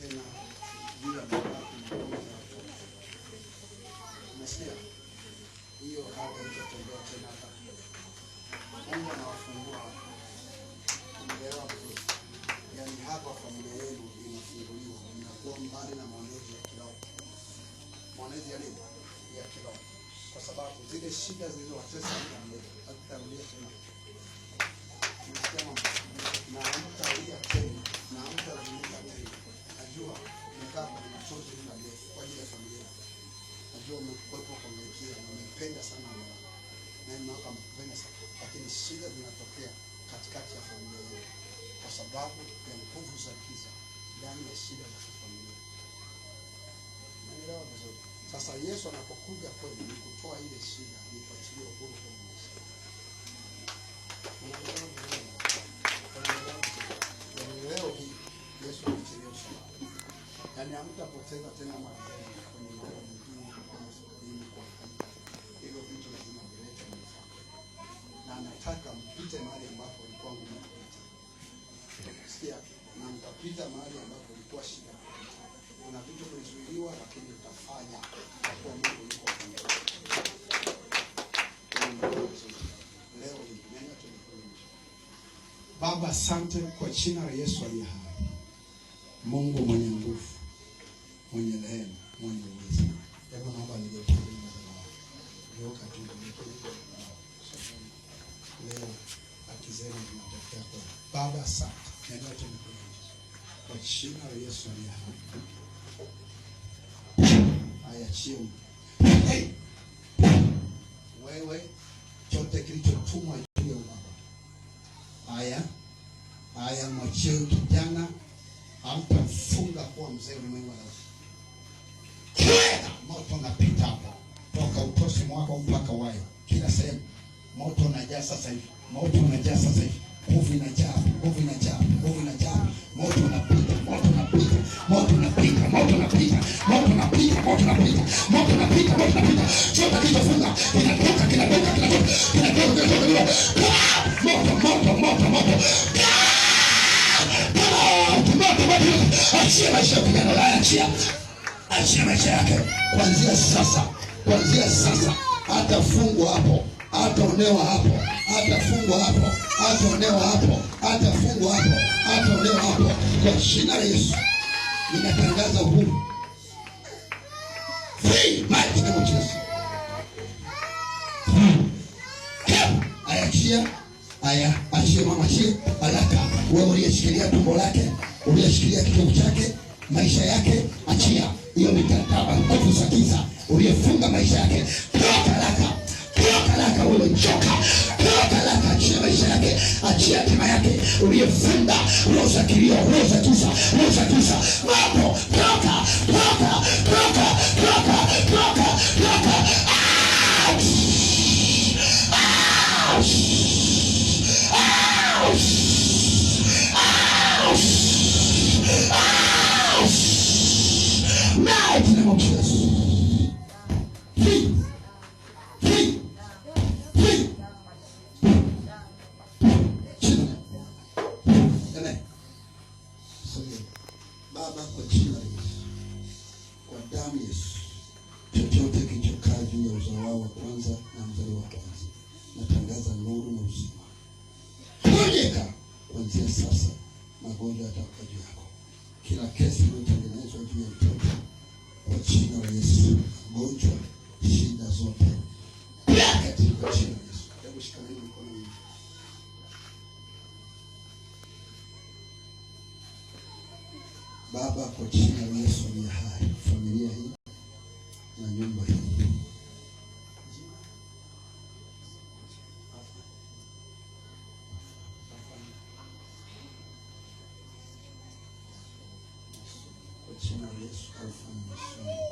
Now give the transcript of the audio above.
tena bila mabaki umesikia hiyo hata itatembea tena hata Mungu anawafungua umeelewa vizuri yaani hapa familia yenu inafunguliwa mnakuwa mbali na maonezi ya kiroho maonezi ya nini ya kiroho kwa sababu zile shida zilizowatesa muda mrefu hazitarudia tena umesikia kuwepo kwa Malkia na umempenda sana mume na mume wako amempenda sana, lakini shida zinatokea katikati ya familia yetu kwa sababu ya nguvu za giza ndani ya shida za kifamilia. Naelewa vizuri. Sasa Yesu anapokuja kwenu ni kutoa ile shida, ni kuachilia uhuru kwa maisha. Yaani leo hii Yesu aliachilia usalama, yaani hamtapoteza tena mali zenu. nataka mpite mahali ambapo ulikuwa ngumu kupita. Sikia, na mtapita mahali ambapo ulikuwa shida Kuna vitu kuzuiliwa, lakini utafanya kwa Mungu yuko pamoja. Leo ni neno tulifunza. Baba, asante kwa jina la Yesu aliye hai. Mungu mwenye nguvu, mwenye rehema, mwenye uwezo. Hebu naomba nigeuke. Baba, asante. yote tena kwa jina la Yesu aliye hai. Aya chini. Hey! Wewe chote kilichotumwa juu ya baba. Aya. Aya mwachie kijana hamtamfunga kuwa mzee ulimwengu wote. Moto unapita hapo. Toka utosi mwako mpaka wayo. Kila sehemu. Moto unajaa sasa hivi. Moto unajaa sasa hivi. Nguvu inajaa, nguvu inajaa, nguvu inajaa. Moto unapita, moto unapita, moto unapita, moto unapita, moto unapita, moto unapita, moto unapita, moto unapita. Chote kilichofunga kinatoka, kinatoka, kinatoka, kinatoka, kinatoka. Moto, moto, moto, moto. Moto, moto, moto. Achia maisha ya kijana la achia. Achia maisha yake kuanzia sasa, kuanzia sasa atafungwa hapo ataonewa hapo, atafungwa hapo, ataonewa hapo, atafungwa hapo, ataonewa hapo. Kwa jina la Yesu ninatangaza uhuru hmm. Ayaachia, aya achie mama, achie baraka. Wewe uliyeshikilia tumbo lake, uliyeshikilia kitovu chake, maisha yake, achia hiyo mitataba, nguvu za giza uliyefunga maisha yake umechoka, peleka, achia maisha yake, achia hatima yake, uliyefunga roho za kilio, roho za giza, roho za giza, hapo peleka, peleka Baba, kwa jina la Yesu, kwa damu Yesu, chochote kilichokaa juu ya uzao wa kwanza na mzao wa kwanza, natangaza nuru na uzima. Ponyeka kuanzia sasa, magonjwa yatakuwa juu yako, kila kesi iliyotengenezwa juu ya mtoto, kwa jina la Yesu, magonjwa, shida zote, kwa jina la Yesu. Hebu shikaneni mikono. Baba, kwa jina la Yesu ni hai, familia hii na nyumba hii kwa jina